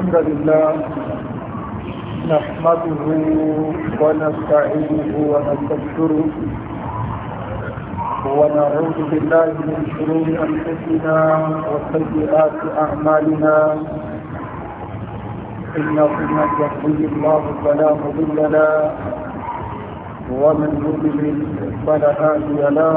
الحمد لله نحمده ونستعينه ونستغفره ونعوذ بالله من شرور انفسنا وسيئات اعمالنا انه من يهدي الله فلا مضل له ومن يضلل فلا هادي له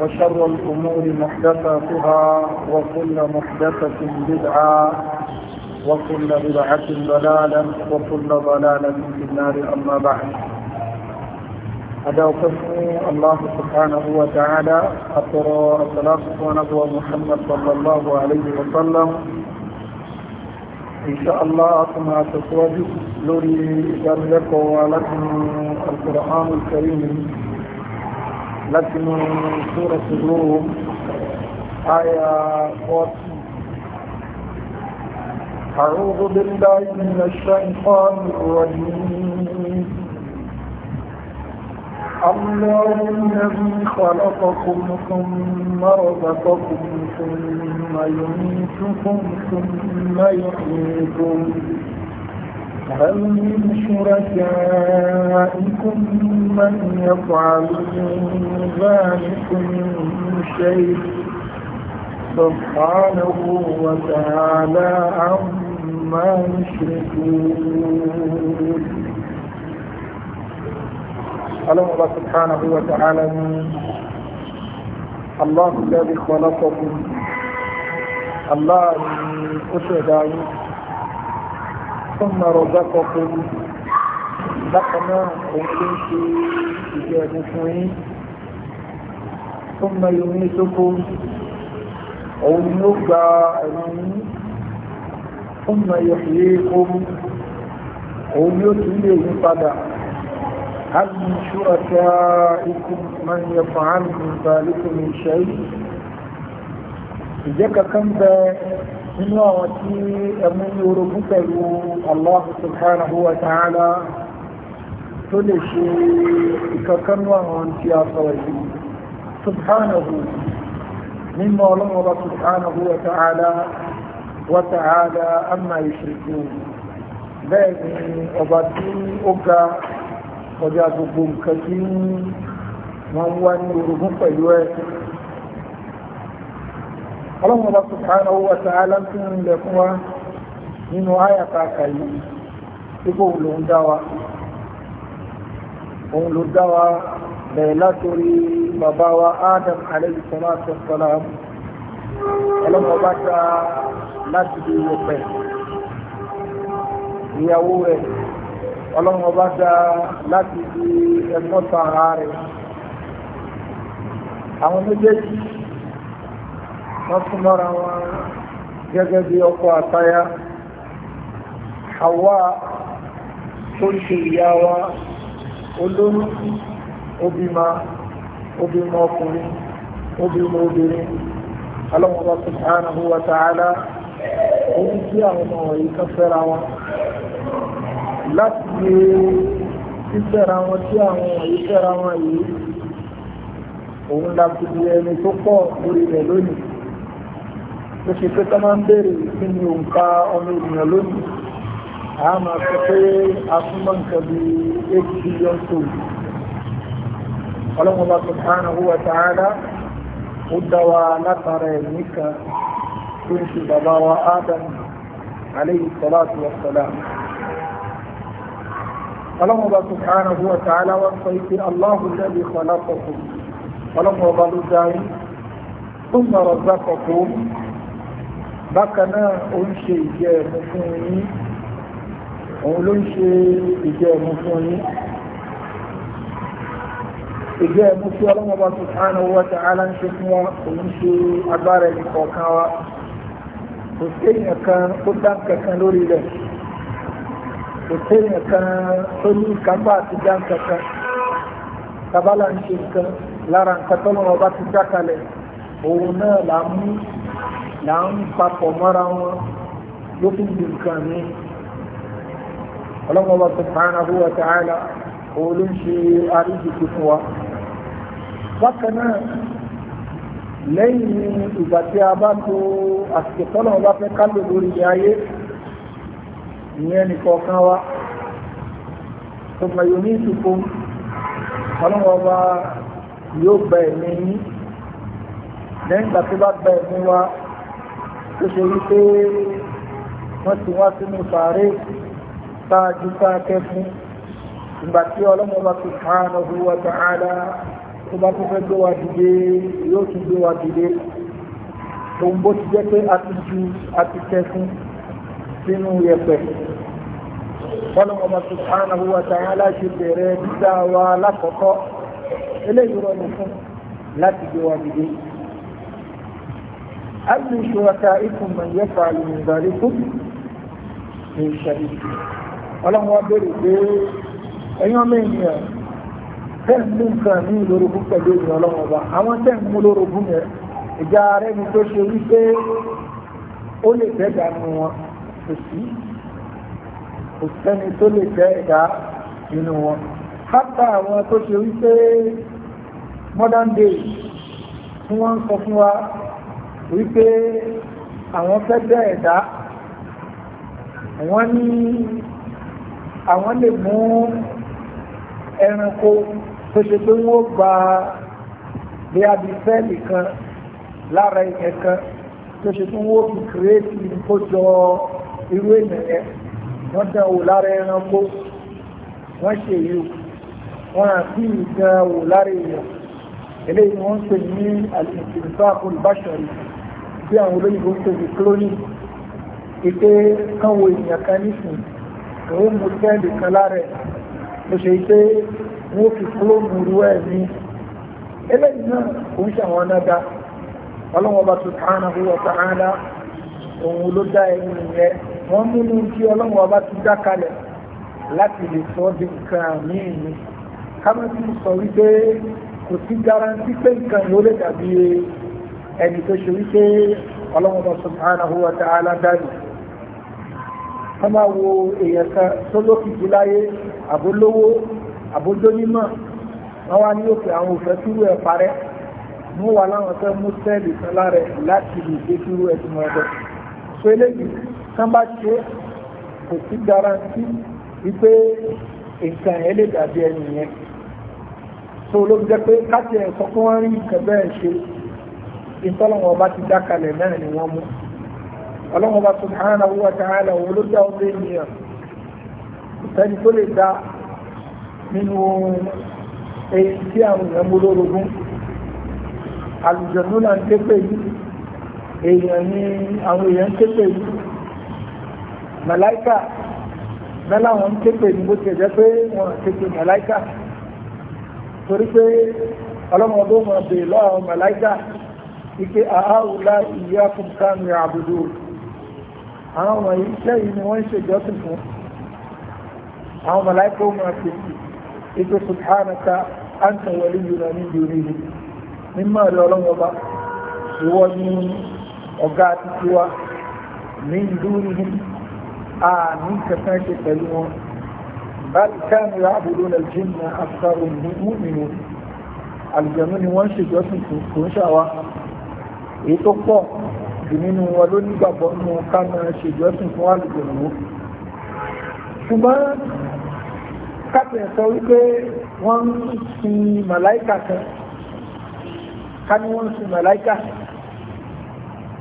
وشر الأمور محدثاتها وكل محدثة بدعة وكل بدعة ضلالة وكل ضلالة في النار أما بعد هذا قسم الله سبحانه وتعالى أترى الصلاة ونبوة محمد صلى الله عليه وسلم إن شاء الله أتنا تسواجه لوري إجابة لكم ولكم القرآن الكريم لكن سورة sóra آية àyà أعوذ بالله من الشيطان الرجيم الله الذي خلقكم ثم رزقكم ثم يميتكم ثم يحييكم هل من شركائكم من يفعل من ذلكم شيء سبحانه وتعالى عما يشركون ألم الله سبحانه وتعالى الله الذي خلقكم الله أشهد عليكم ثم رزقكم بقنا وكنت إجابتين ثم يميتكم òun ló gba ẹ̀rùn ọmọ ìyọ̀fìyé ogun òun yóò tún lè yí padà hannun ṣúrọ̀tà ikú man yẹ fa'ánù ìbàlùkù ní ṣe ìjẹ́ kankan bẹ́ẹ̀ nínú àwọn tí ẹmú ní orogún pẹ̀lú Allah subhanahu wa ta'ala tó lè ṣe ìkankanú àwọn tí a sọ̀rọ̀ yìí subhanahu nínú ọlọ́mọba subhanahu wa ta'ala wa ta'ala amma yushrikun bẹ́ẹ̀ ni ọba tí ó ga ọjà gbogbo nǹkan tí wọ́n wá ní orogún pẹ̀lú ẹ̀ ọlọ́run ọba subhanahu wa ta'ala tí ń lẹ̀ fún wa nínú àyàtà àkàyè ipò òun lòún dá wa òun ló dá wa bẹ̀rẹ̀ látòrí bàbá wa adam alayhi salatu wa salam ọlọ́run ọba ta láti di ìwọ̀pẹ̀ ìyàwó rẹ̀ ọlọ́run ọba dá láti di ẹ̀mọ́ta ara rẹ̀ àwọn méjèèjì wọ́n tún mọ́ra wọn gẹ́gẹ́ bí ọkọ àtayá Hawa wa olóyún obìmọ obìmọ ọkùnrin obìmọ wa ta'ala orí ka àwọn ọmọ wọ̀nyí kan fẹ́ra i láti lè fífẹ́ra wọn tí tó ṣe pé tó máa ń bèèrè kí ni òǹkà ọmọ ènìyàn lónìí a máa sọ pé a fún mọ́ nǹkan bí eight billion soul ọlọ́mọba subhanahu wa ta'ala ó dá wa látara ẹ̀mí kan tó ń ṣe bàbá wa Adam alayhi salatu wa salam ọlọ́mọba subhanahu wa ta'ala wọ́n sọ pé Allahu alladhi khalaqakum ọlọ́mọba ló dá yín ثم رزقكم bákan náà ó ń ṣe ìjẹ ẹ̀mú fún yín òun ló ń ṣe ìjẹ ẹ̀mú fún yín ìjẹ ẹ̀mú tí ọlọ́mọba subhanahu wa ta'ala ń ṣe fún wa òun ṣe agbára ẹni kọ̀ọ̀kan wa kò séèyàn kan ó dán kankan lórí rẹ̀ kò séèyàn kan tó ní ìkápá àti dán kankan tabala ń ṣe nǹkan lára nǹkan tọ́lọ́mọba ti dá kalẹ̀ òun náà là ń mú là ń papọ̀ mọ́ra wọn ló fi di nǹkan mi ọlọ́mọba subhanahu wa ta'ala òun ló ń ṣe àríjìkì fún wa bákan náà lẹ́yìn ìgbà tí a bá tó àsìkò tọ́lọ̀ ọba fẹ́ kálò lórí ayé ìyẹn nìkọ̀ọ̀kan wa tó mẹ́yọ ní ìsìnkú ọlọ́wọ́ ọba yóò bẹ̀ẹ̀ ní lẹ́yìn ìgbà tó bá bẹ̀ẹ̀ ní wa tó ṣe wípé wọ́n ti wá sínú sàárè táàjú káàkẹ́ fún ìgbà tí ọlọ́mọ bá ti kàn án ọdún wa ta'ala tó bá tó fẹ́ gbé wa dìde yóò tún gbé wa dìde òun bó ti jẹ́ pé a ti ju a ti kẹ́ fún sínú yẹ̀pẹ̀ ọlọ́mọ bá ti kàn ọdún wa ta'ala ṣe bẹ̀rẹ̀ هل من شركائكم من يفعل من ذلكم من شريك ọlọ́run wá bèèrè pé ẹ̀yàn mẹ́rin tẹ́ẹ̀mù nǹkan ní lórogún pẹ̀lú ènìyàn ọlọ́run ọba àwọn tẹ́ẹ̀mù lórogún yẹn ìjà ààrẹ ni tó ṣe wípé ó lè tẹ́ẹ̀dá nù wọn kò sí kò sẹ́ni tó lè tẹ́ẹ̀dá nínú wọn hátà àwọn tó ṣe wípé modern day tí wọ́n ń sọ fún wa wípé àwọn fẹ́ bẹ́ ẹ̀dá wọ́n ní àwọn lè mú ẹranko tó ṣe pé wọ́n gba bí abisẹ́ẹ̀lì kan lára ilẹ̀ kan tó ṣe pé wọ́n fi kìrẹ́ẹ̀tì kó jọ irú ènìyàn wọ́n dán wò lára ẹranko wọ́n ṣe yìí wọ́n àti ìdán wò lára èèyàn eléyìí wọ́n ń pè ní al-intifaqul tí àwọn olóyìnbó ń tóbi cloning ìpé kánwo èèyàn kan nísìn òun mú tẹ́ẹ̀lì kan lára ẹ̀ ló ṣe pé wọ́n fi clone rú ẹ̀ ní eléyìí náà kò ń ṣàwọn náà ọlọ́wọ́ bá subhanahu wa ta'ala òun ló dá ẹni yẹn wọ́n múnú tí ọlọ́wọ́ bá ti dá kalẹ̀ láti lè sọ di nǹkan ni ká má ti sọ wípé kò sí garanti pé nǹkan yóò lè dàbí ẹni tó ṣe wípé ọlọ́mọba subhanahu wa ta'ala dánì wọ́n máa wo èèyàn kan tó lókìkí láyé àbólówó àbójónímọ̀ wọ́n wá ní òkè àwọn òfẹ́ túrú ẹ̀ parẹ́ mú wà láwọn fẹ́ mú sẹ́ẹ̀lì kan lára láti lè gbé túrú ẹ̀ tó mọ̀ so eléyìí tán bá ṣe kò sí garanti wípé nǹkan ẹ̀ lè dàbí ẹni yẹn so ló jẹ́ pé káàkiri ẹ̀kọ́ fún wọn rí nǹkan bẹ́ẹ̀ ṣe ìtọ́lọ́wọ́ ọba ti dákalẹ̀ náà ni wọ́n subhanahu wa ta'ala òun ló dá ọdún ènìyàn ìfẹ́ni tó lè dá nínú èyí tí àwọn èèyàn mú lórogún àlùjọ̀nú mẹ́lá wọn ń ké ní bó jẹ́ pé wọn torí pé ọlọ́mọdé wọn bèè lọ́wọ́ ike àháùlá ìyá fún kánú àbúdó àwọn iṣẹ́ yìí ni wọ́n ń ṣe jọ́sìn fún àwọn mọ̀láìkà ó máa fi ike subhanaka anta waliyuna min dunihim mímọ́ rẹ̀ ọlọ́run ọba ìwọ ní ọ̀gá àti tiwa ní ìlú nìyí a ní kankan ṣe pẹ̀lú wọn bal kanu ya'buduna al-jinna aktharuhum mu'minun aljanu ni wọ́n ṣe jọ́sìn fún kò ń ṣàwá èyí tó pọ̀ jù nínú wọn ló nígbàgbọ́ nínú ká máa ṣèjọ́sìn fún àlùjọ̀nù ṣùgbọ́n kápẹ̀ sọ wípé wọ́n ń sin màláìkà kan ká ní wọ́n ń sin màláìkà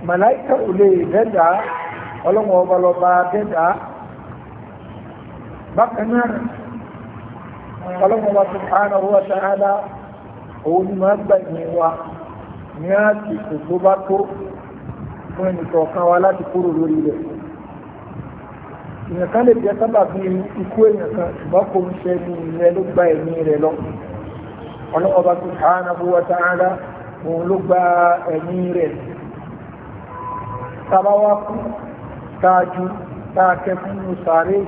màláìkà ò lè dẹ́dà ọlọ́wọ́n ọba lọ́ba dẹ́dà bákan náà ọlọ́wọ́n ọba subhanahu wa ta'ala òun ni máa gbà ìwọ̀n wa ní àsìkò tó bá tó fún ẹnìkọ̀ọ̀kan wa láti kúrò lórí rẹ̀ èèyàn kan lè jẹ́ sábà bí ikú èèyàn kan ṣùgbọ́n kò ń ṣe ní ilẹ̀ ló gba ẹ̀mí rẹ̀ lọ ọlọ́wọ́ bá tó tààrà bó wọ́n tààrà òun ló gba ẹ̀mí rẹ̀ sábà wá kú táájú táakẹ́ fún un sáré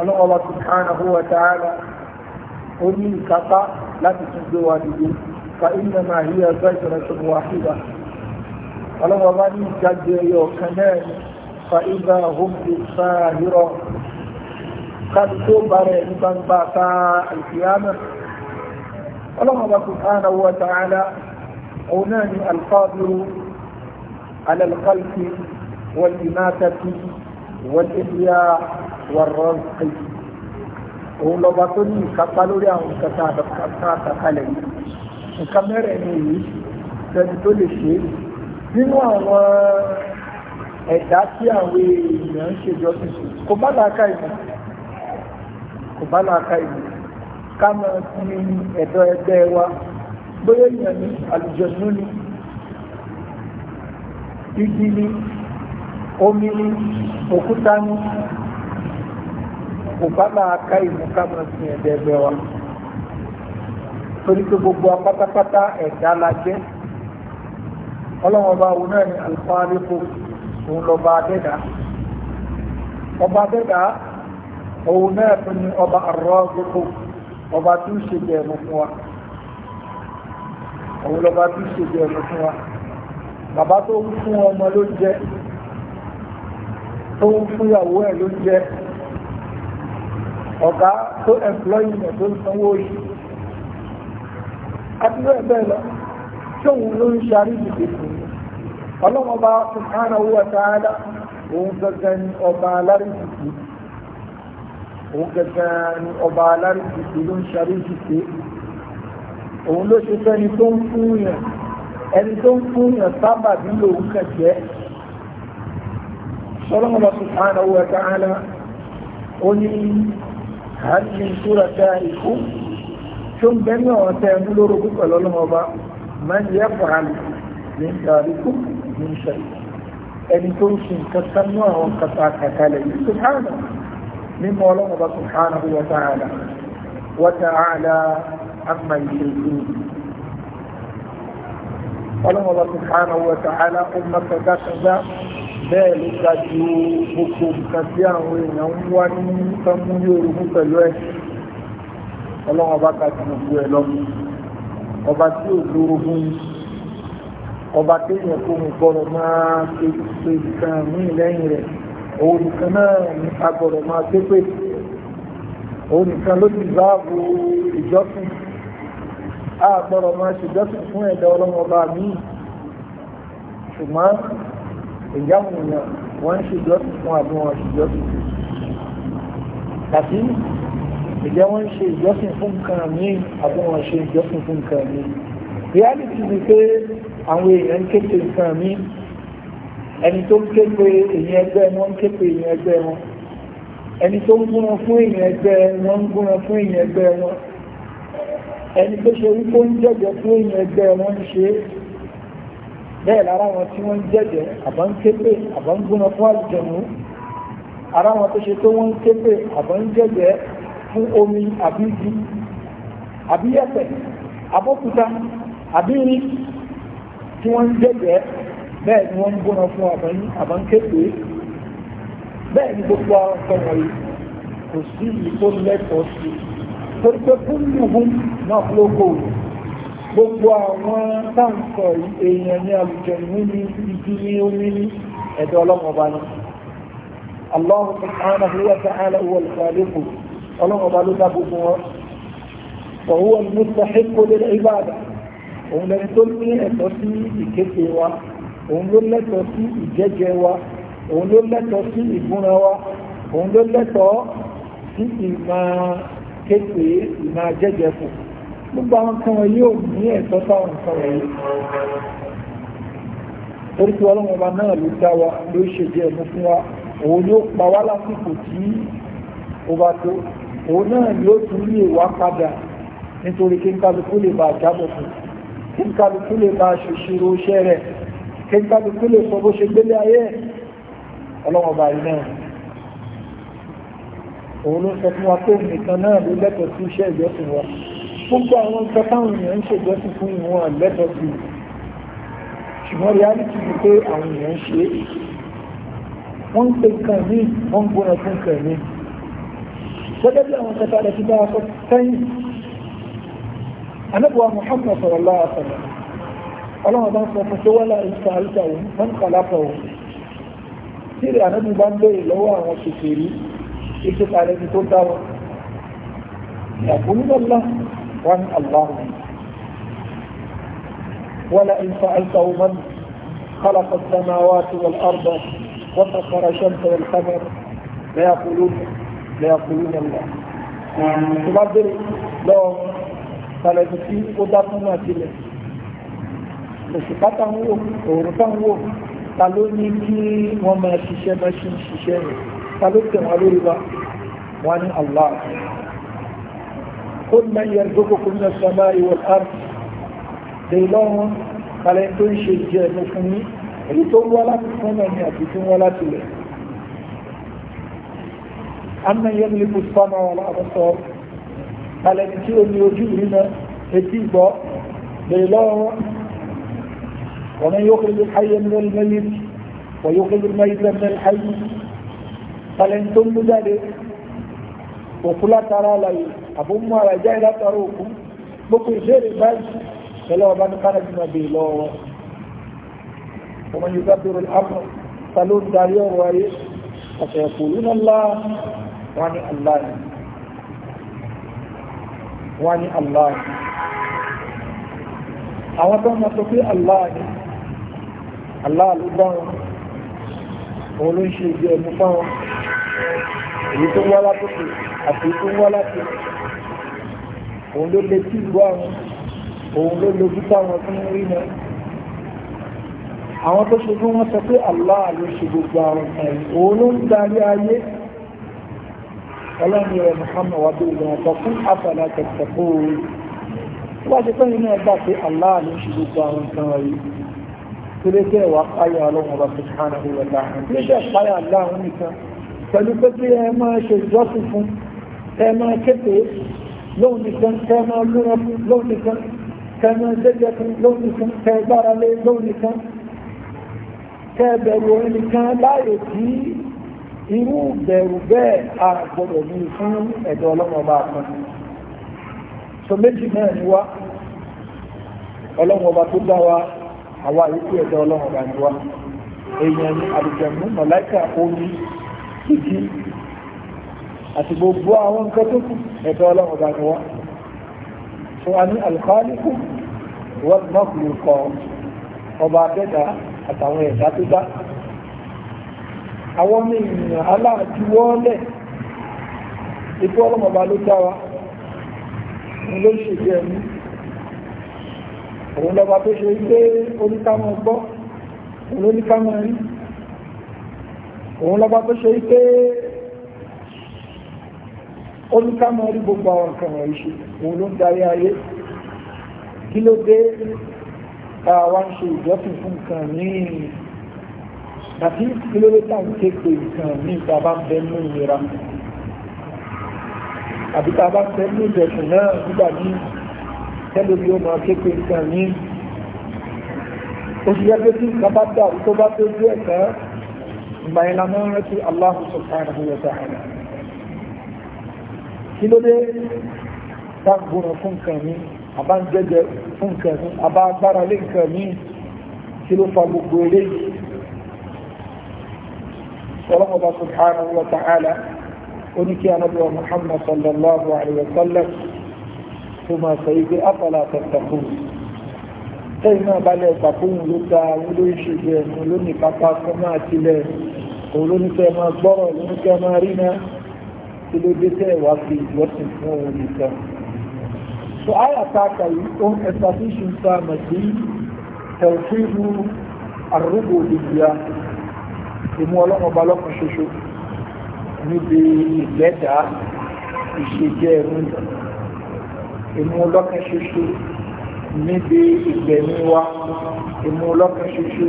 ọlọ́wọ́ bá tó tààrà bó wọ́n tààrà ó ní ìkápá láti tún gbé wa dìde. فإنما هي زجرة واحدة ولو ظني جد يوكنان فإذا هم بالساهرة قد كبر إذا باتا القيامة ولو سبحانه وتعالى عنان القادر على الخلق والإماتة والإحياء والرزق òun lọba tó ní ìkápá lórí àwọn ìkẹta nǹkan mẹ́rẹ̀ẹ̀rin yìí tẹni tó lè ṣe nínú àwọn ẹ̀dá tí àwọn èèyàn ń ṣèjọ sí kò bá làákà ìmọ̀ kò bá làákà ìmọ̀ ká máa fi ẹ̀dọ́ ẹgbẹ́ wa bóyá èèyàn ní àlùjọ̀nnú ni igi ni omi ni òkúta ni kò bá làákà ìmọ̀ ká máa fi ẹ̀dọ́ ẹgbẹ́ wa torí pé gbogbo apátápátá ẹ̀dá la jẹ́ ọlọ́run ọba wo náà ni alifáríkò òun lọ́ba adẹ́dá ọba adẹ́dá òun náà tún ni ọba arọ́gbòkò ọba tí ń ṣe jẹ̀mú fún wa òun lọ́ba tí ń ṣe jẹ̀mú fún wa bàbá tó ń fún ọmọ ló jẹ tó ń fún ìyàwó ẹ̀ ló jẹ ọ̀gá tó ẹ̀mplọ́yìn ẹ̀ tó ń sanwó yìí àti bẹ́ẹ̀ bẹ́ẹ̀ lọ tóun ló ń ṣarí ìdìbò fún mi ọlọ́wọ́n bá subhanahu wa ta'ala òun gẹ́gẹ́ ni ọba alárìsìkì òun gẹ́gẹ́ ni ọba alárìsìkì ló ń ṣarí ìdìbò òun ló ṣe fẹ́ni tó ń fún yẹn ẹni tó ń fún yẹn sábà nílò òun kẹ̀kẹ́ ọlọ́wọ́n bá subhanahu wa ta'ala ó ní hàmì súra ká ikú tó ń bẹ́ ní ọ̀rọ̀ tẹ́ ẹnu lóró púpọ̀ lọ́lọ́mọba máa ń yẹ fàá ní ìdàríkù ní ìṣẹ̀ ẹni tó ń ṣe nǹkan tán ní àwọn kàtà kàkàlẹ̀ yìí tó hànà mímọ́ ọlọ́mọba tó hànà bí wọ́n tààlà wọ́n tààlà àmà ìṣe ìlú ọlọ́mọba tó hànà wọ́n tààlà ó má kàkà bẹ́ẹ̀ ló ga ju gbogbo nǹkan tí àwọn èèyàn ń wá ní sọ́mú ní orúkú pẹ̀lú ẹ̀sìn ọlọ́wọ́n bá ka jù gbogbo ẹ lọ ọba tí ò lórogún ọba téèyàn kò mú gbọ́dọ̀ máa ṣe ṣe nǹkan míì lẹ́yìn rẹ̀ òun nìkan náà ní agbọ́dọ̀ máa ṣe pé òun nìkan ló ti báàbò ìjọsìn a gbọ́dọ̀ máa ṣèjọsìn fún ẹ̀dá ọlọ́wọ́n ọba míì ṣùgbọ́n ìyáwó èèyàn wọ́n ń ṣèjọsìn fún àbúrò ṣèjọsìn tàbí ìjẹ́ wọ́n ń ṣe ìjọsìn fún nǹkan mi àbí wọ́n ṣe ìjọsìn fún nǹkan mi reality ni pé àwọn èèyàn ń képe nǹkan mi ẹni tó ń képe èèyàn ẹgbẹ́ wọn ń képe èèyàn ẹgbẹ́ wọn ẹni tó ń gúnran fún èèyàn ẹgbẹ́ wọn ń gúnran fún èèyàn ẹgbẹ́ wọn ẹni tó ṣe wípé ń jẹ́jẹ́ fún èèyàn ẹgbẹ́ wọn ń ṣe bẹ́ẹ̀ lára wọn tí wọ́n ń jẹ́jẹ́ àbá ń képe àbá ń gúnran fún àlùjọ̀nù ara wọn tó ṣe tó wọ́n ń képe àbá ń jẹ́jẹ́ fún omi àbí igi àbí ẹ̀pẹ̀ abọ́kúta àbí rí tí wọ́n ń jẹ́jẹ́ bẹ́ẹ̀ ni wọ́n ń gbóná fún àbáńképe bẹ́ẹ̀ ni gbogbo àwọn ọ̀sán wọ̀nyí kò sí ìkó lẹ́tọ̀ọ́ sí torí pé fúnnùhún náà lóko gbogbo àwọn táǹkọ̀ èèyàn ní àlùjẹ̀mú ní ibi ní omi ní ẹ̀dọ̀ ọlọ́mọba ni Allah subhanahu wa ta'ala huwa ọlọ́run ọba ló dá gbogbo wọn ọ̀hún ọ̀nà mustahiq lil ibada òun lẹni tó ní ẹ̀tọ́ sí ìkéde wa òun ló lẹ́tọ̀ọ́ sí ìjẹ́jẹ wa òun ló lẹ́tọ̀ọ́ sí ìgúnra wa òun ló lẹ́tọ̀ọ́ sí ìmọ̀ kéde ìmọ̀ jẹ́jẹ fún gbogbo àwọn kan wọ̀nyí ò ní ẹ̀tọ́ táwọn nǹkan wọ̀nyí torí tí ọlọ́run ọba náà ló dá wa ló ṣe jẹ́ ẹ̀mú fún wa òun ló pa wá lásìkò tí ó bá tó òun náà ni ó tún lè wá padà nítorí kí n kálukú lè bá jábọ̀ fún kí n kálukú lè bá ṣòṣìrò iṣẹ́ rẹ̀ kí n kálukú lè sọ bó ṣe gbélé ayé ọlọ́mọba yìí náà òun ló sọ fún wa pé nìkan náà ló lẹ́tọ̀ọ́ sí iṣẹ́ ìjọsìn wa gbogbo àwọn nǹkan táwọn èèyàn ń ṣèjọsìn fún ìwọ̀n lẹ́tọ̀ọ́ sí ṣùgbọ́n reality ni pé àwọn èèyàn ń ṣe wọ́n ń pe nǹkan míì wọ́n ń gbóná fún nǹkan míì سبب لأن تفعل كتابك فين أنا أبوى محمد صلى الله عليه وسلم الله ما صلى فسولا إن سألته من خلقه سيري أنا أبو بامبي لو أنا شكيري إكتب عليك كنت يقول الله وان الله ولا إن سألته من خلق السماوات والأرض وفخر الشمس والقمر ليقولون lẹ́yàkúrú lẹ́lá tó bá bèrè lọ́wọ́ tàlẹ́tù tí ó dá fún náà sílẹ̀ òṣùpá tá ń wò òòrùn tá ń wò ta ló ní kí wọ́n máa ṣiṣẹ́ máa ṣe ń ṣiṣẹ́ rẹ̀ ta ló tẹ̀ wọ́n lórí wa wọ́n ní Allah ó mẹ́ yẹn gbogbo kún náà sọmá ìwọ̀n art lè lọ́wọ́ tàlẹ́ tó ń ṣe ìjẹ́ ẹ̀mú fún yín èyí tó ń wá láti fún náà ní àbí tó ń wá láti lẹ̀ àmì yẹ́gìlìkù sọ́nà ọ̀làbọ̀sọ̀ alẹ́ni tí ó ní ojú ìrìnà etí ìgbọ́ lè ومن يخرج الحي من الميت ويخرج الميت من الحي فلنتم ذلك وكلا ترى لي أبو ما رجع لا تروكم بكر شير بس فلو من كان بما بيلو ومن يدبر الأمر فلون داريو وعيش فسيقولون الله wọ́n ní Allah ni wọ́n ní Allah ni àwọn tó mọ̀ sọ pé Allah ni Allah ló dá wọn òun ló ń ṣe ìdí ẹ̀mú fáwọn èyí tó wá látòkè àti èyí tó wá láti òun ló lè tí ìlú àwọn òun ló lójú táwọn tó Allah ló ṣe gbogbo àwọn ẹ̀yìn òun ló ń darí ọlọ́run rẹ̀ muhammad wa bí ìgbìmọ̀ sọ fún afẹ́lá tẹ̀sẹ̀kó tó bá ṣe pé nínú ẹgbà pé allah ló ń ṣe gbogbo àwọn nǹkan wọ̀nyí tó lè jẹ́ ìwà páyà ọlọ́run ọba subhanahu wa ta'ala tó lè jẹ́ páyà allah nìkan pẹ̀lú pé kí ẹ máa ṣe ìjọsìn fún ẹ máa képe lóun nìkan kẹ máa lúra fún lóun nìkan kẹ máa jẹ́jẹ́ fún lóun nìkan kẹ gbára lé lóun nìkan kẹ bẹ̀rù òun nìkan láyò tí irú bẹ̀rù bẹ́ẹ̀ a gbọ́dọ̀ ní fún ẹ̀dọ̀ ọlọ́mọba kan so méjì náà ni wá ọlọ́mọba tó dá wa àwa yìí kú ẹ̀dọ̀ ọlọ́mọba ni wá èèyàn ni àlùjẹ̀mú mọ̀láìkà omi igi àti gbogbo àwọn nǹkan tó kù ẹ̀dọ̀ ọlọ́mọba ni wá so a ní alùkáníkù wọ́n náà kọ ọba abẹ́dà àtàwọn ẹ̀dá tó dá àwọn ọmọ ènìyàn aláàtiwọ́lẹ̀ ikú ọlọ́mọba ló dá wa òun ló ṣègbè ẹ̀mí òun lọ́ba tó ṣe pé oníkámọ́ gbọ́ òun ló níkámọ́ rí òun lọ́ba tó ṣe pé oníkámọ́ rí gbogbo àwọn nǹkan wọ̀nyí ṣe òun ló ń darí ayé kí ló dé tá a ṣe ìjọ́sìn fún nǹkan mìíràn àti kìlómítà ń képe nǹkan ní ìta bá fẹ́ mú ìnira àbí ta bá fẹ́ mú ìjẹ̀sùn náà nígbà ní tẹ́lómi ó máa képe nǹkan ní òṣìṣẹ́ pé tí nǹkan bá dà tó bá tó dé ẹ̀ka ìgbà yẹn la máa ń rántí Allahu subhanahu wa ta'ala kí ló dé tá gbóná fún nǹkan mi àbá ń jẹjẹ fún nǹkan mi àbá agbára lé nǹkan mi kí ló fa gbogbo eléyìí sọlọ́mọ bá subhanahu wa ta'ala ó ní kí anábíwá muhammad sallallahu alayhi wa sallam tó máa sọ yìí pé afọlá tẹ̀tẹ̀kù tẹ́yìn náà balẹ̀ ìpàkóhùn ló da olóṣèlú ẹ̀mú lónìí pápá fún máa tilẹ̀ òun ló ní kẹ́ máa gbọ́rọ̀ ló ní kẹ́ máa rí náà fi ìjọsìn fún òun nìkan. so àyà tá a kà yìí ó ń ẹ̀sà tó ṣe ń sa ìmú ọlọ́mọba lọ́kan ṣoṣo níbi ìgbẹ́ta ìṣèjẹ́ ẹ̀rú ìmú ọlọ́kan ṣoṣo níbi ìgbẹ̀mí wa ìmú ọlọ́kan ṣoṣo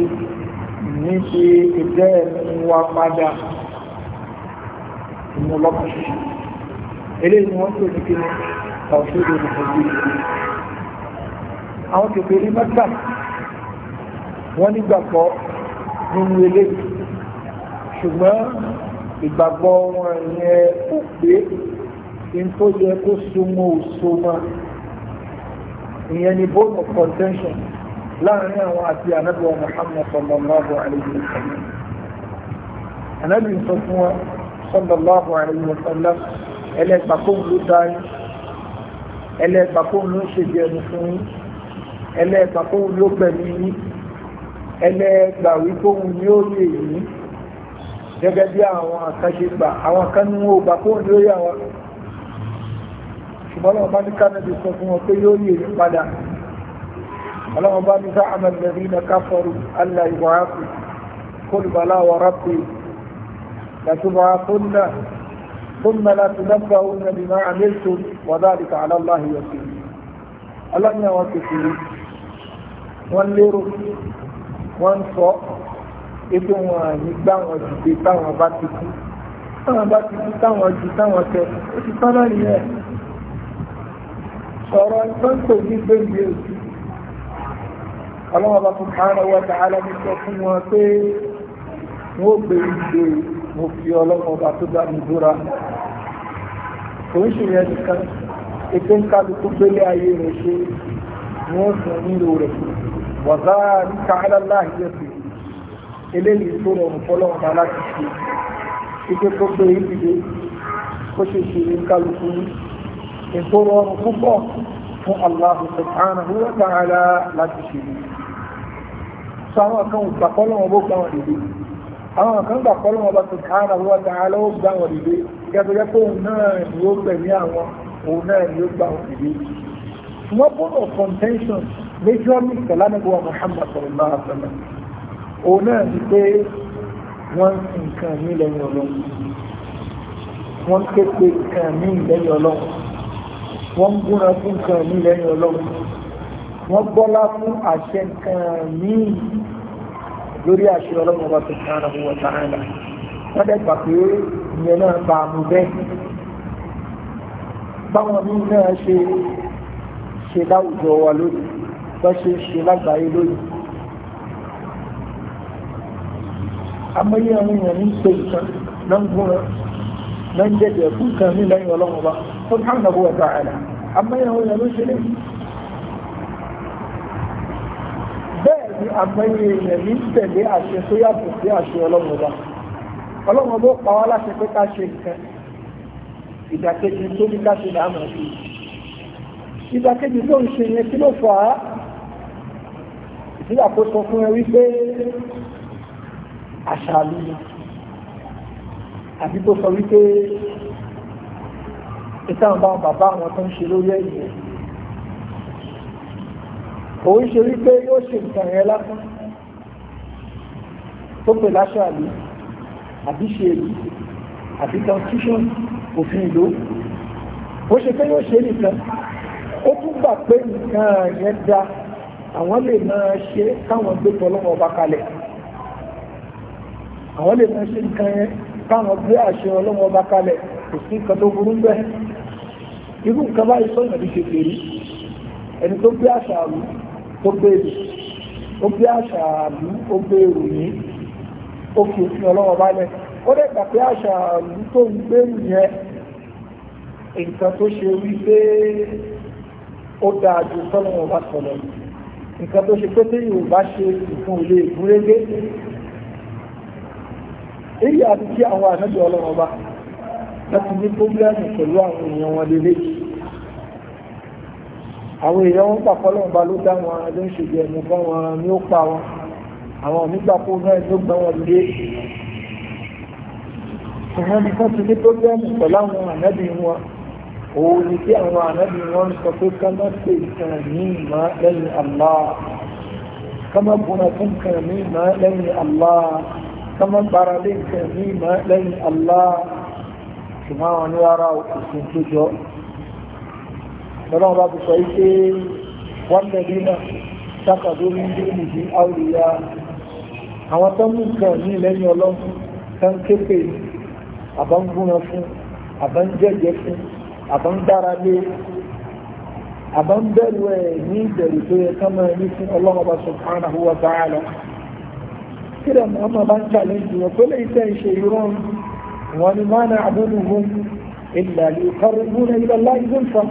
níbi ìgbẹ́ ẹ̀mí wa padà ìmú ọlọ́kan ṣoṣo eléyìí ni wọ́n tó ní kíni ọ̀ṣọ́dọ̀ ìfọ̀jú àwọn kèfèrí mẹ́ta wọ́n nígbàgbọ́ nínú eléyìí ṣùgbọ́n ìgbàgbọ́ wọn yẹn ò pé in tó yẹ kó súnmọ́ ò súnmọ́ ìyẹn ni bone of contention láàrin àwọn àti ànábìwọ̀ Muhammad sallallahu alayhi wa sallam ànábì sọ fún wa sallallahu alayhi wa sallam ẹlẹ́gbà kó ló dáyé ẹlẹ́gbà kó ló ṣe jẹ ẹnu fún yín ẹlẹ́gbà kó ló gbẹ̀mí yín ẹlẹ́gbà wípé òun ni lè yín gẹ́gẹ́ bí àwọn àkáṣe gbà àwọn kan ní wọ́n gbà fóònù lórí àwọn ṣùgbọ́n ọlọ́run bá ní kánàdì sọ fún wọn pé yóò yè ní padà ọlọ́run bá ní sáàmà lẹ́rí na káfọ́rù allah ìwà ápù kólùbálà wà rápù látúbà fúnnà fúnnà láti dábà òun nàbì máa àmẹ́tò wà wọ́n lérò wọ́n sọ ebi wọn ní gbá wọn dìde táwọn bá ti kú táwọn bá ti kú táwọn ju táwọn tẹ ó ti tán náà nìyẹn sọ̀rọ̀ ìtọ́ǹtò ní gbèǹde òsì ọlọ́wọ́n bá fún kàánà wọ́n ta alámi sọ fún wọn pé wọ́n gbé ìgbé mo fi ọlọ́wọ́n bá tó dá mi dúra kò ń ṣe nìkan ètò ń gbélé ayé rẹ̀ ṣe wọ́n sọ nílò rẹ̀ wọ́n bá ní kàánà láàyè eléyìí tó rọrùn fọ́lọ́run bá láti ṣe ìgbé tó gbé ìdílé kó ṣe ṣe ní kálukú ètò rọrùn púpọ̀ fún Allah subhanahu wa ta'ala láti ṣe ní. sọ àwọn kan gbà fọ́lọ́run bó gbà wọn dìde àwọn kan gbà fọ́lọ́run bá subhanahu wa ta'ala ó gbà wọn dìde gẹ́gẹ́ gẹ́gẹ́ òun náà ni ó gbẹ̀mí àwọn òun náà ni ó gbà wọn dìde. wọ́n bọ́dọ̀ contention majorly pẹ̀lú àmì wa Muhammad sallallahu alaihi wa sallam òun náà ni pé wọ́n ń sin nǹkan mí lẹ́yìn ọlọ́run wọ́n ń képe nǹkan mí lẹ́yìn ọlọ́run wọ́n ń gúnra fún nǹkan mí lẹ́yìn ọlọ́run wọ́n gbọ́lá fún àṣẹ nǹkan mí lórí àṣẹ ọlọ́run ọba subhanahu wa ta'ala wọ́n dẹ̀ pé ìyẹn náà bá mú bẹ́ẹ̀ báwọn mí náà ṣe ṣe láwùjọ wa lónìí bá ṣe ṣe lágbàáyé lónìí amẹ́yẹ àwọn èèyàn ní ṣe ìtàn náà ń gúnra náà ń jẹ́jẹ́ fún kan ní lẹ́yìn ọlọ́run ọba subhanahu wa ta'ala amẹ́yẹ àwọn èèyàn ló ṣe lẹ́yìn bẹ́ẹ̀ ni amẹ́yẹ èèyàn ní tẹ̀lé àṣẹ tó yàtọ̀ sí àṣẹ ọlọ́run ọba ọlọ́run ọba ó pa wá láṣẹ pé ká ṣe nǹkan ìdàkejì tó ní ká ṣe dáàmà sí ìdàkejì tó ń ṣe yẹn kí ló fà á ìdílà kó fún ẹ wípé àṣàlù àbí tó sọ wípé ìtàn bá bàbá wọn tó ń ṣe lórí ẹ̀yẹ òun ṣe wípé yóò ṣe nǹkan yẹn lásán tó pè láṣàlù àbí ṣe èlú àbí constitution òfin ìlú ó ṣe pé yóò ṣe nìkan ó tún gbà pé nǹkan yẹn da àwọn lè máa ṣe káwọn gbé tọ́lọ́wọ́ bá kalẹ̀ àwọn lè máa ṣe nǹkan yẹn káwọn gbé àṣẹ ọlọ́wọ́ bá kalẹ̀ kò sí nǹkan tó burú bẹ́ẹ̀ irú nǹkan báyìí sọ̀nà bí ṣe fèrí ẹni tó gbé àṣà àlú tó gbèrú ó gbé àṣà àlú ó gbèrú yìí ó fi òfin ọlọ́wọ́ bá ó dẹ̀ gbà pé àṣà àlú tó ń gbèrú yẹn nǹkan tó ṣe wí pé ó dáa ju sọ́nà ọba sọ̀rọ̀ nǹkan tó ṣe pé tí Yorùbá ṣe ìfún ilé ìgúrégé èyí àti kí àwọn ànábì ọlọ́run ọba láti ní pọ́blẹ́mù pẹ̀lú àwọn èèyàn wọn lélẹ̀ àwọn èèyàn wọn pàpọ̀ lọ́wọ́ ọba ló dá wọn ló ń ṣèjì ẹ̀mí fún wọn ni ó pa wọn àwọn onígbàpọ̀ náà ló gbà wọn lé ìwọ́n ni wọ́n ti ní pọ́blẹ́mù pẹ̀lú àwọn ànábì wọn òun ni kí àwọn ànábì wọn sọ pé ká má pè nǹkan ní ìmọ̀ lẹ́yìn Allah ká má bùnà fún nǹkan ní ìmọ̀ lẹ́yìn Allah kọ́mọ́ gbára lé nǹkan ní ìmọ̀ lẹ́yìn Allah ṣùgbọ́n àwọn oníwàrà òkùnkùn tó jọ lọ́nà bá ti sọ wípé wọ́n lẹ́bí náà sákàdó ní ìdí àwòrìyá àwọn tó mú nǹkan ní lẹ́yìn ọlọ́run tó képe àbá fún àbá fún àbá ń ẹ̀ ní ìbẹ̀rù tó yẹ ká máa ní fún ọlọ́run ọba subhanahu wa ta'ala kí lè mọ́ ọmọ bá ń challenge wọn tó lè tẹ́ ṣe irun wọn ni máa na àbúrò wọn ìlà lè kọrọ ìgbóná ilẹ̀ láì tó ń fa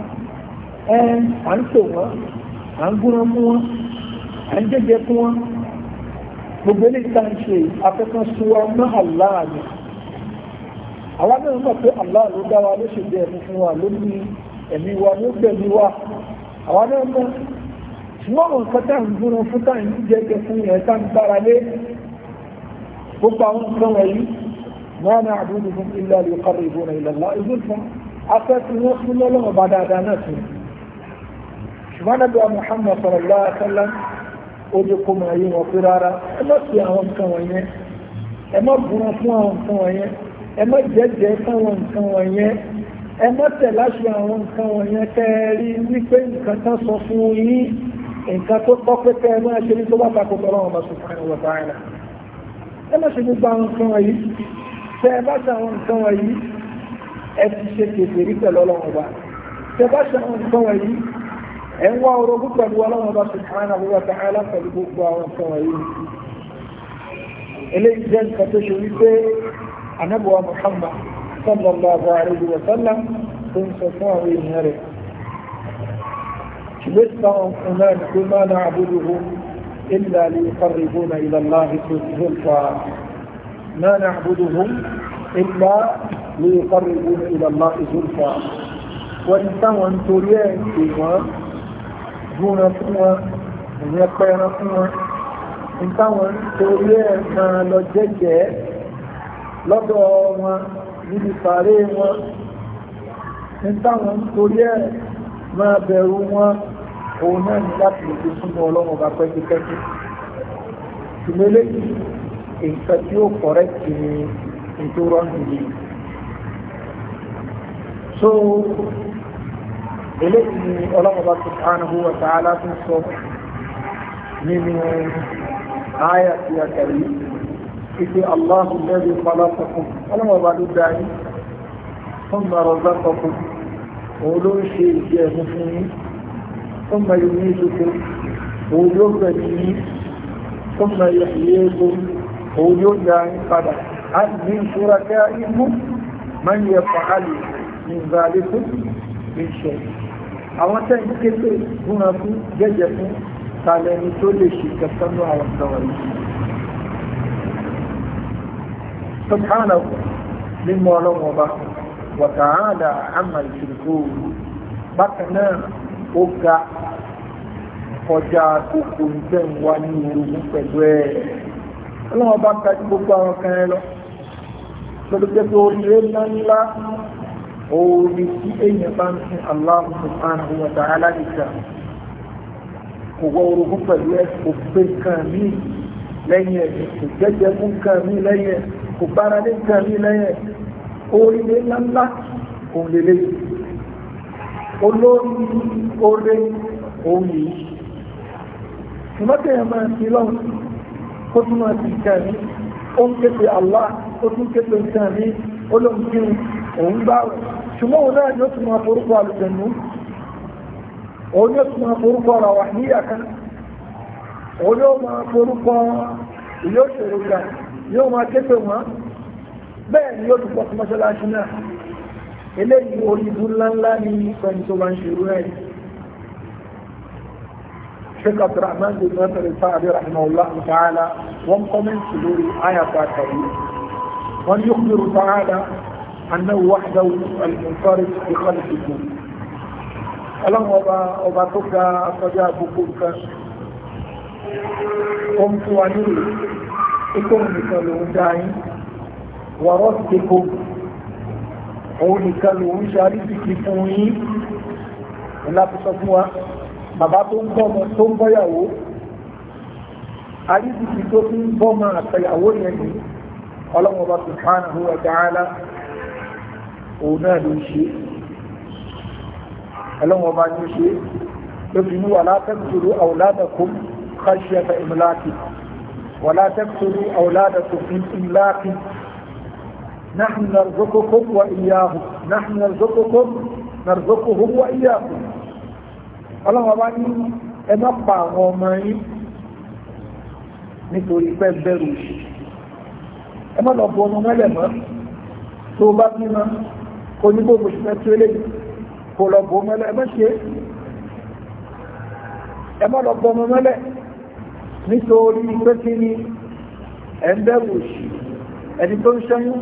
ẹ à ń tò wọn à ń gúnra mú wọn à ń jẹjẹ fún wọn gbogbo lè tẹ́ ṣe afẹ́fẹ́ súnwá mọ́ aláàbò àwọn náà mọ̀ pé Allah ló dá wa ló ṣe jẹ́ ẹ̀mí fún wa ló ní ẹ̀mí wa ló gbẹ̀mí wa àwọn náà mọ̀ ṣùgbọ́n nǹkan tá à ń dúró fún tá à ń jẹ́jẹ́ fún yẹn tá à ń gbára lé gbogbo àwọn nǹkan wọ̀nyí wọ́n ní àdúgbò fún ilé àlè kọ́rọ̀ ìbò rẹ̀ ilẹ̀ lọ ìlú fún afẹ́fẹ́ wọn fún lọ́lọ́wọ́ bá dáadáa náà tó ṣùgbọ́n nàbí wa Muhammad sallallahu alaihi wasallam ó dé kó máa yí wọn pé rárá ẹ má fi àwọn nǹkan wọ̀nyẹn ẹ má búra fún àwọn nǹkan wọ̀nyẹn ẹ má jẹ́jẹ́ fáwọn nǹkan wọ̀nyẹn ẹ má tẹ̀ láṣẹ àwọn nǹkan wọ̀nyẹn kẹ́ wípé nǹkan tán sọ fún yín nǹkan tó tọ́ pé kẹ́ máa ṣe ní tó bá takò tọ́lọ́wọ́n bá sùn fún ẹ wọ̀ báyìí náà ẹ má ṣe gbogbo àwọn nǹkan wọ̀nyí tẹ ẹ bá ṣe àwọn nǹkan wọ̀nyí ẹ ti ṣe kèfèrí pẹ̀lú ọlọ́wọ́n ọba tẹ ẹ bá ṣe àwọn nǹkan wọ̀nyí ẹ ń wá orogún pẹ̀lú ọlọ́wọ́n ọba subhanahu wa ta'ala pẹ̀lú gbogbo àwọn nǹkan wọ̀nyí eléyìí jẹ́ nǹkan tó ṣe wípé anábọ̀wá Muhammad sallallahu alayhi wa sallam tó ń sọ fún àwọn èèyàn rẹ̀ ṣùgbọ́n ìtàn ọ̀nà ìgbé máa إلا ليقربون إلى الله زلفى ما نعبدهم إلا ليقربون إلى الله زلفى وإنتهوا أن تريان فيما دون فيما من يقين فيما إنتهوا أن تريان ما لججة لدعوا níbi sàárè wọn ìtàwọn torí ẹ̀ máa òun náà ní láti lè fi súnmọ́ ọlọ́run ọba pẹ́kípẹ́kí ṣùgbọ́n eléyìí nǹkan tí ó kọ̀rẹ́tì ni ètò rọ́ǹdì yìí so eléyìí ni ọlọ́run ọba subhanahu wa ta'ala tó sọ nínú àyà tí a kẹ̀lé ìpè aláhùn lẹ́rìí kọlọ́kọ̀kùn ọlọ́run ọba ló dá yín fún mọ̀rọ̀ zákọ̀kùn òun ló ń ṣe ìdí fún yín ثم يميتكم òun yóò gbẹ̀mí ní ثم يحييكم òun yóò dá yín padà هل من شركائكم من يفعل من ذلكم من شيء àwọn tẹ́yìn kéfè gúnra fún jẹ́jẹ́ fún tàlẹ́ni tó lè ṣe kẹsànú àwọn ìtawà yìí subhanahu mímọ́ ọlọ́wọ́ bá wàtàhálà àmà ìṣirikó bákan náà ó ga kọjá gbogbo ìfẹ́ ń wá ní orogún pẹ̀lú ẹ̀ ọlọ́wọ́n bá ka gbogbo àwọn kan ẹ lọ lọ́dún pé pé oríire ńláńlá orí tí èèyàn bá ń sin Allah subhanahu wa ta'ala nìkan kò wọ orogún pẹ̀lú ẹ̀ kò gbé nǹkan míì lẹ́yìn ẹ̀ kò jẹ́jẹ́ fún nǹkan míì lẹ́yìn ẹ̀ kò bára lé nǹkan míì lẹ́yìn ẹ̀ oríire ńláńlá òun lè léyìí olórí oore omi ìmọ́tẹ̀ ẹ̀mọ́ ẹ̀sìn lọ́wọ́ ó tún máa ti kẹ́ mi ó ń képe Allah ó tún képe nǹkan mi olóńgbìn òun gbá rẹ̀ ṣùgbọ́n òun náà ni ó tún máa forúkọ àlùjẹ̀nù òun ni ó tún máa forúkọ ọ̀rọ̀ wà ní ìyàkan òun yóò máa forúkọ ìyóòṣèrè gbà yóò máa képe wọn bẹ́ẹ̀ ni yóò tún pọ̀ sí mọ́ṣáláṣí náà eléyìí orígun ńláńlá ní fẹ́ni tó bá ń ṣerú ẹ̀ sheikh abdulrahman bin nasir sa'adi rahimahullah ta'ala wọn kọ́mẹ́ǹtì lórí ayàtọ̀ àtàrí wọn yóò gbèrú ta'ala annahu wahdahu al-munfarid bi khalqihi ọlọ́run ọba ọba tó ga akọjá àbúkú nǹkan ó ń fún wa nílùú ikú nìkan lòún dá yín wọ̀rọ̀ ti kó òun nìkan ló ń ṣe àríṣìkì fún yín ńlá tó sọ fún wa bàbá tó ń bọ́mọ tó ń bọ́yàwó àríṣìkì tó fi ń bọ́mọ àtẹ̀yàwó yẹn ni ọlọ́mọba subhanahu wa ta'ala òun náà ló ń ṣe ọlọ́mọba ló ṣe ló fi ní wàlá taqtulu awladakum khashyata imlaqi wàlá taqtulu awladakum min نحن نرزقكم وإياهم نحن نرزقكم نرزقهم وإياكم ọlọ́run ọba ní ẹgbẹ́ pa àwọn ọmọ yín nítorí pé bẹ̀rù ẹ má lọ bu ọmọ mẹ́lẹ̀ mọ́ tó bá bímọ kò ní gbogbo ṣiṣẹ́ tí ó lè kò lọ bu ọmọ mẹ́lẹ̀ ẹ má lọ bu ọmọ mẹ́lẹ̀ nítorí pé kí ni ẹ ń bẹ̀rù ẹni tó ń ṣẹ́yún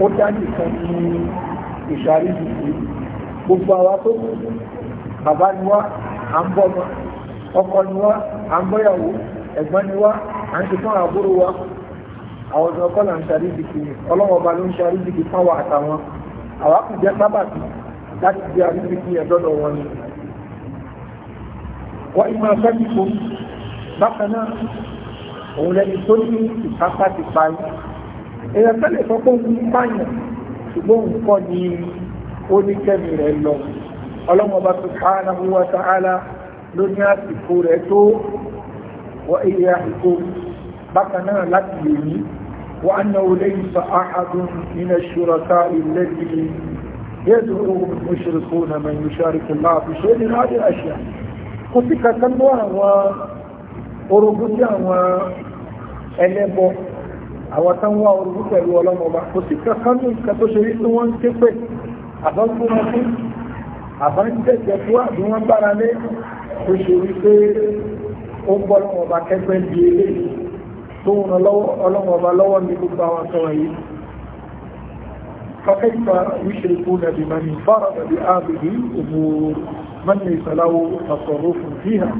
ó dájú kan ní ìṣàrí ìdìbò gbogbo àwa tó kù bàbá ni wá à ń bọ́mọ ọkọ ni wá à ń bọ́yàwó ẹ̀gbọ́n ni wá à ń ṣe fún àbúrò wa àwọn ọ̀dọ́ kọ́là ń ṣàrí ìdìbò ni ọlọ́wọ́ ọba ló ń ṣàrí ìdìbò fáwọn àtàwọn àwa kù jẹ́ sábàbí láti gbé àrídìbò yẹn dọ́dọ̀ wọn ni. wọ́n ìmọ̀ ọ̀fẹ́ mi kò bákan náà òun lẹ́ni tó ní ìkápá ti parí èèyàn fẹ́lẹ̀ sọ pé òun pààyàn ṣùgbọ́n òun kọ́ ni ó ní kẹ́mi rẹ̀ lọ ọlọ́mọba subhanahu wa ta'ala ló ní àsìkò rẹ̀ tó wọ iye àsìkò bákan náà láti lè ní wa annahu laysa ahadun min ash-shuraka'i alladhi yad'uhu al-mushrikuna man yushariku Allah fi shay'in àwọn tán wá orúkú pẹ̀lú ọlọ́mọba kò sí kankan ní ìka tó ṣe rí tí wọ́n ń ké pè àbọ́nkúnmọ́ fún àbájẹ́jẹ́ fún àbí wọ́n gbára lé lọ́wọ́ ní gbogbo àwọn sọ̀rọ̀ yìí فكيف يشركون بمن فرض بآبه أمور من ليس له تصرف فيها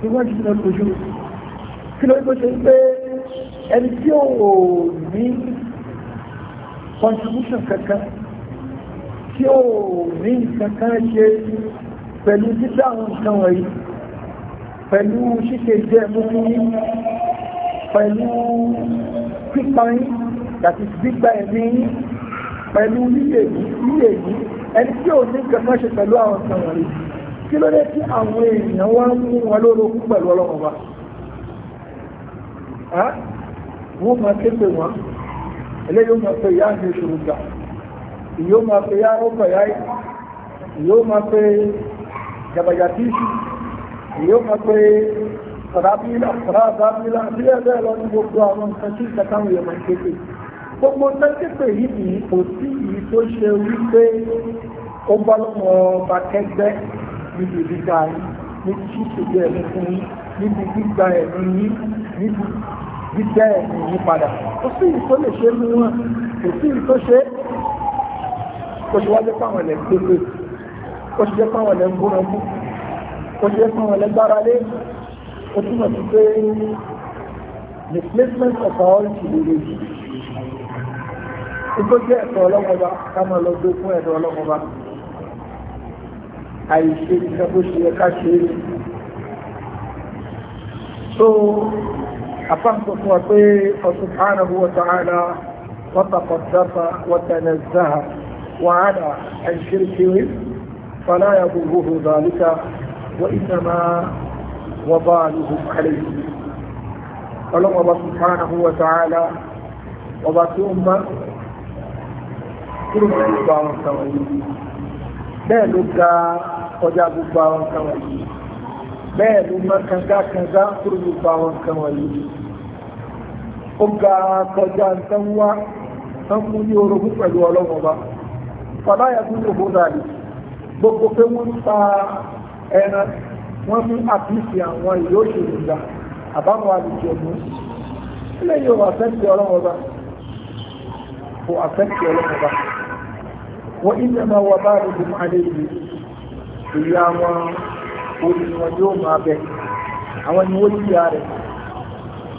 في وجه من الوجود كل هذا شيء ẹni tí ó wò ní contribution kankan tí ó ní kankan ṣe pẹ̀lú títà àwọn nǹkan wọ̀nyí pẹ̀lú ṣíṣe jẹ́ múmú yìí pẹ̀lú pípa yìí àti gbígba ẹ̀mí yìí pẹ̀lú lílè yìí ẹni tí ó ní kankan ṣe pẹ̀lú àwọn nǹkan wọ̀nyí kí ló dé tí àwọn èèyàn wá ń mú wọn lórogún pẹ̀lú ọlọ́run wa wọ́n máa ké pè wọ́n eléyìí ó máa pe ìyá mi oṣù gbà ìyó máa pe ìyá ó pẹ̀yà ìyó máa pe jàbàjà tíṣù ìyó máa pe sàràbílà sàràbílà sílẹ̀ bẹ́ẹ̀ lọ ní gbogbo àwọn nǹkan tí ìkàtà àwọn èèyàn máa ké pè gbogbo tẹ́kẹ́pẹ̀ yìí ni kò sí ìyí tó ṣe wípé ó bá lọ́wọ́ ọba kẹgbẹ́ níbi gbígbà yìí níbi ṣíṣe ẹ̀mí fún yín níbi gbígbà ẹ̀mí yín níbi jíjẹ́ ẹ̀mí yí padà kò sí ìtò lè ṣe mú wọn kò sí ìtò ṣe kò ṣe wájẹ́ fáwọn ẹ̀lẹ́ gbégbé kò ṣe jẹ́ fáwọn ẹ̀lẹ́ gbóná mú kò ṣe jẹ́ fáwọn ẹ̀lẹ́ gbára lé kò túmọ̀ sí pé the placement of priority lórí ìtò jẹ́ ẹ̀tọ́ ọlọ́mọba ká máa lọ gbé fún ẹ̀tọ́ ọlọ́mọba àìṣe ìṣàkóso ẹ̀ká ṣe é so حفظت وطيء فسبحانه وتعالى وتقدس وتنزه وعلى الشرك فلا يضره ذلك وإنما وضاله عليه فلو الله سبحانه وتعالى وضاتي أمة كل ما يبقى وانتوى لا نبقى وجاب يبقى وانتوى bẹ́ẹ̀ ló máa kanga kanga kúrò gbogbo àwọn nǹkan wọ̀nyí ó ga kọjá nǹkan wá tán fún ní orogún pẹ̀lú ọlọ́wọ́n bá fàdá yàtún ló bó dàbí gbogbo pé wọ́n pa ẹran wọ́n mú àbífi àwọn ìlú òṣèlú gbà àbáwọn àlùjọ̀mú ilé yìí ò àfẹ́ǹtì ọlọ́wọ́n bá kò àfẹ́ǹtì ọlọ́wọ́n bá wọ́n ìjọba wà bá àdúgbò àdéhùn ìyá wọn orí wọn yóò máa bẹ àwọn ni wọ́n yíya rẹ̀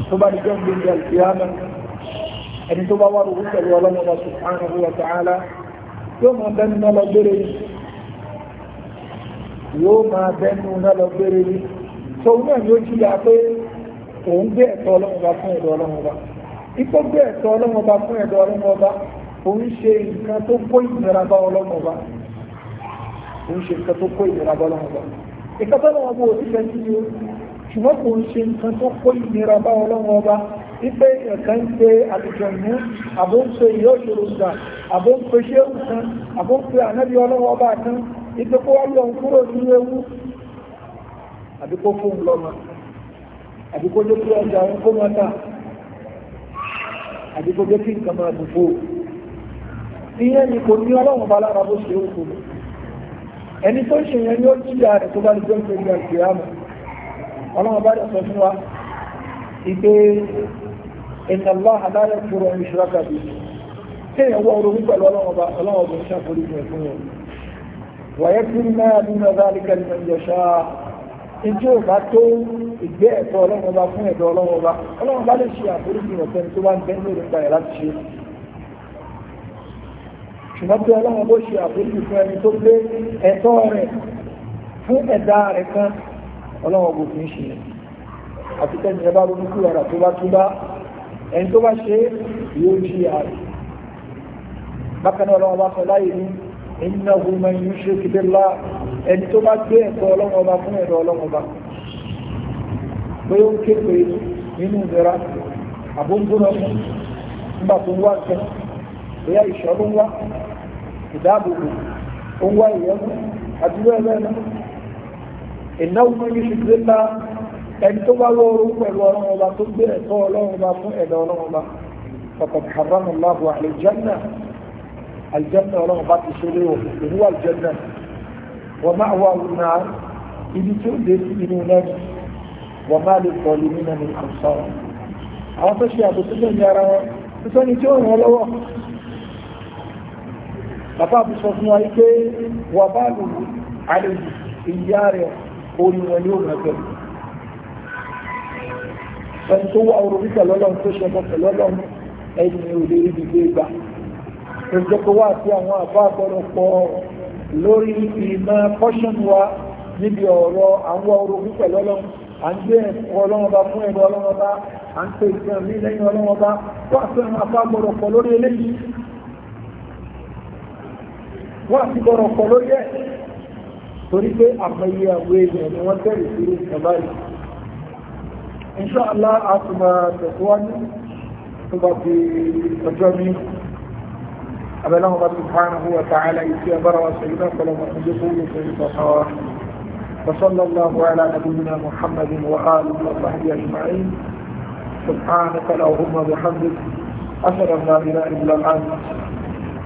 tó bá ní jẹ́ gbogbo àlùfíàmù ẹni tó bá wà lóhùn pẹ̀lú ọlọ́mọ wa subhanahu wa ta'ala yóò máa bẹ́nu náà lọ gbére yìí yóò máa bẹ́nu náà lọ gbére yìí tó náà ni ó yíya pé òun gbé ẹ̀tọ́ ọlọ́mọ fún ẹ̀dọ́ ọlọ́mọ wa gbé ẹ̀tọ́ ọlọ́mọ fún ẹ̀dọ́ ọlọ́mọ òun ṣe nǹkan tó kó ìnira bá ọlọ́mọ òun ṣe nǹkan tó kó ìnira bá ọlọ́mọ ìkàtọ́ náà bó oníṣẹ́ sí o ṣùgbọ́n kò ń ṣe nǹkan tó kó ìnira bá ọlọ́run ọba wípé ẹ̀ka ń pe àlùjọ̀nù àbó ń pe ìyá òṣèlú gbà àbó ń pe ṣéwù kan àbó ń pe ànábì ọlọ́run ọba kan ìpé kó wá lọ kúrò nínú ewu àbí kó fún un lọ́mọ àbí kó jẹ́ ọjà òun kó máa tà àbí kó jẹ́ nǹkan máa dùn fún un ìyẹn ni kò ní ọlọ́run ọba lára bó ṣe é kúrò ẹni tó ṣe yẹn yóò jíjà rẹ̀ tó bá lè jẹ́ ìgbà ìgbéyàmù ọlọ́run bá dẹ̀ sọ fún wa ìgbé ìtàlá aláyọ̀ kúrò ní ìṣúrákà bí kéèyàn wọ orogún pẹ̀lú ọlọ́run ọba ọlọ́run ọba ìṣà forí ìgbà fún wọn wàyẹ kí ní náà nínú ọba àríkà ní ọjọ́ ṣá ìjú ò bá tó ìgbé ẹ̀tọ́ ọlọ́run ọba fún ẹ̀tọ́ ọlọ́run ọba ọlọ́run bá lè ṣe àforíjì ọ̀fẹ́ tó bá ń bẹ́ẹ̀ lórí ìgbà yẹn láti ṣe ṣùgbọ́n tí ọlọ́run bó ṣe àbójú fún ẹni tó gbé ẹ̀tọ́ rẹ̀ fún ẹ̀dá rẹ̀ kan ọlọ́run kò fi ń ṣe àti tẹ́ni ẹ bá ronú kú ọ̀rọ̀ tó bá túbá ẹni tó bá ṣe yóò jí ààrẹ bákan náà ọlọ́run bá sọ láyé ní innahu man ẹni tó bá gbé ẹ̀tọ́ ọlọ́run ọba fún ẹ̀rọ tó ń wá kẹ́kọ̀ọ́ bóyá ìṣọ́ ló ń wá ìdáàbòbò ó ń wá ìyẹ́wò àti bẹ́ẹ̀ bẹ́ẹ̀ náà ìnáwó máa ń yí ṣùgbọ́n ẹni tó bá lóoru pẹ̀lú ọlọ́run ọba tó gbé ẹ̀tọ́ ọlọ́run ọba fún ẹ̀dá ọlọ́run ọba فقد حرم الله على الجنة الجنة ولو بعد سلوه هو الجنة ومأوى النار إذ تؤذر من نار وما للظالمين من أنصار أعطش يا أبو سلم يا روى تسألني تؤذر ولو bàbá mi sọ fún wa pé wà bá lù àlejò ìyá rẹ̀ orí wọn ni ó máa bẹ̀rù ẹni tó wá orò nípa lọ́lọ́run tó ṣe ọmọ pẹ̀lú ọlọ́run ẹni ò lè rí ibi gbà ìjẹ́ kó wá sí àwọn àbá àbọ̀rọ̀ pọ̀ lórí ìmọ̀ pọ́ṣọ̀n wa níbi ọ̀rọ̀ àwọn orò nípa lọ́lọ́run à ń gbé ẹ̀kọ́ ọlọ́run bá fún ẹ̀rọ ọlọ́run bá à ń pè ìfẹ́ mi lẹ́yìn ọlọ́run bá wá sí àwọn àbá àbọ̀rọ̀ lórí eléyìí wọ́n àti bọ̀rọ̀ kọ lórí ẹ̀ torí pé àpẹyẹ àwọn èèyàn ni wọ́n tẹ̀lé sí ìjọba yìí insha Allah a tún máa tẹ̀síwájú tó bá fi ọjọ́ mi abẹ́láwọn bá subhanahu wa ta'ala ìfẹ́ abára wa sẹ́yìn náà kọlọ́mọ ọjọ́ tó wúlò fún ìtọ́sáwá وصلى الله على نبينا محمد وآله وصحبه أجمعين سبحانك اللهم وبحمدك أشهد أن لا إله إلا أنت